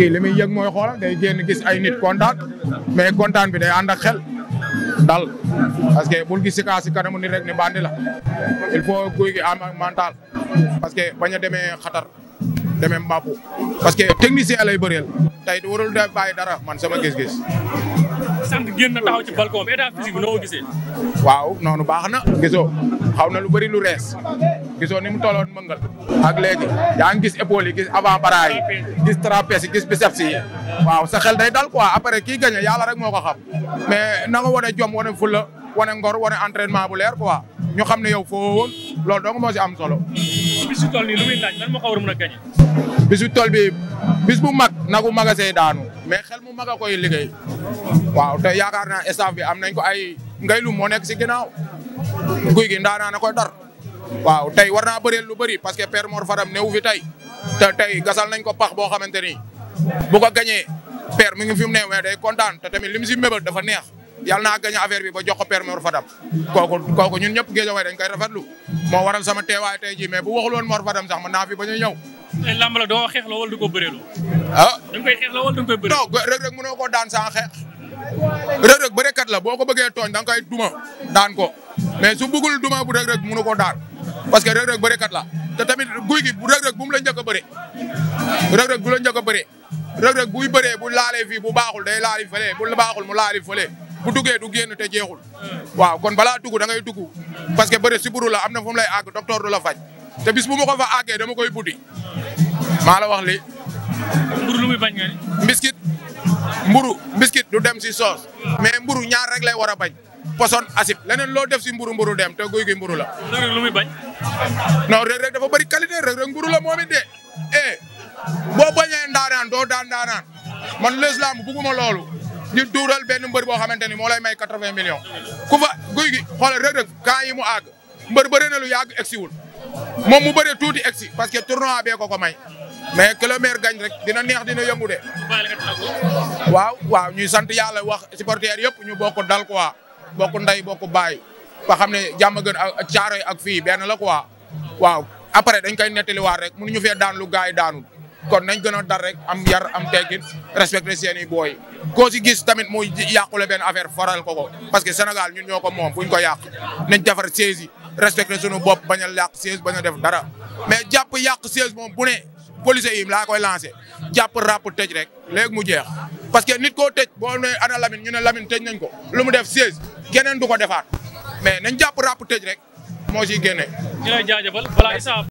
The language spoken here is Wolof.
kii yëg mooy xoolal day génn gis ay nit kontaan mais kontaan bi day ànd ak xel dal parce que bul gis si kaa si rek ni bandi la il guy gi am ak mental parce que bañ a demee xatar demee mbàppu parce que technicien lay bëreel tey warul da bàyyi dara man sama gis-gis. sant génn na taxaw ci balcon bi état physique bi gisee. waaw noonu baax na gisoo xaw na lu bëri lu rees gisoo ni mu tolloon mëngal ak léegi yaa ngi gis épaules yi gis avant bras yi gis trapèze yi gis biceps waaw sa xel day dal quoi après kii gagné yàlla rek moo ko xam mais na nga jom wane fulla wane ngor wane entraînement bu leer quoi ñu xam ne yow foo woon loolu dong moo si am solo. bis bu toll nii lu muy a a gagné. bis bu bi bis bu mag nagu magasee daanu mais xel mu mag a koy liggéey waaw te yaakaar naa staff bi am nañ ko ay ngay lu moo nekk si ginnaaw guy gi ndaanaa na koy dar. waaw tey war naa bëreel lu bëri parce que père Mor Fadam newu fi tey te tey gasal nañ ko pax boo xamante ni bu ko gañee père mi ngi fi mu ne mais day kontaan te tamit li mu si mébal dafa neex yàlla naa gañ affaire bi ba jox ko père Mor Fadam ko kooku ñun ñëpp Guédiawaye dañ koy rafetlu moo waral sama teewaay tey jii mais bu waxul woon Mor Fadam sax mën naa fi bañ a ñëw. tey lamb xeex la wala ko bëreeloo. ah da nga koy xeex la wala da nga mënoo koo daan sans xeex Reug Reug bëreekat la boo ko bëggee tooñ da nga koy duma daan ko mais su bëggul duma bu Reug Reug mënu ko daan parce que Reug Reug bërekat la te tamit guy gi Reug Reug bu la njëkk a bëree Reug Reug bu la njëkk a bëree Reug Reug bëree bu laalee fii bu baaxul day laali fële bu baaxul mu laali fële bu duggee du génn te jeexul waaw kon balaa dugg da ngay dugg parce que bëre siburu la am na fu lay àgg docteur du la faj te bis bu ma ko fa àggee dama koy buddi maa la wax li mburu lu muy bañ mbiskit mburu mbiskit du dem si soos mais mburu ñaar rek lay war a bañ poson asib leneen loo def si mburu mburu dem te guy gi mburu la lu muy bañ non Reug Reug dafa bëri qualité Reug Reug nguru la de eh boo bañee ndaanaan doo daan ndaanaan man l'islam bugguma loolu ñu duural benn mbër boo xamante ni moo lay may quatre-vingts millions ku fa guy gi xoolal Reug Reug kaa yi mu àgg mbër bëri na lu yàgg egsi wul moom mu bëree tuuti egsi parce que tournoi bee ko ko may mais que le rek dina neex dina yëngu de. waaw waaw ñuy sant yàlla wax supporters yëpp ñu bokk dal quoi bokk nday bokk baay ba xam ne jàmm gën ak caaroy ak fii benn la quoi waaw après dañ koy nettaliwaat rek mënuñu fee daan lu gars yi daanul kon nañ gën a dar rek am yar am teggin respecté seen i booy koo si gis tamit muy yàqule benn affaire faral ko ko parce que Sénégal ñun ñoo ko moom buñ ko yàq nañ defar siège yi respecté suñu bopp bañ a yàq siège bañ a def dara mais jàpp yàq siège moom bu ne policier yi laa ko lancé jàpp ràpp tëj rek léegi mu jeex parce que nit koo tëj boo ne ana Lamine ñu ne Lamine tëj nañ ko lu mu def siège keneen du ko defaat mais nañ jàpp ràpp tëj rek moo siy génne. ñu lay jaajëfal balaa Issa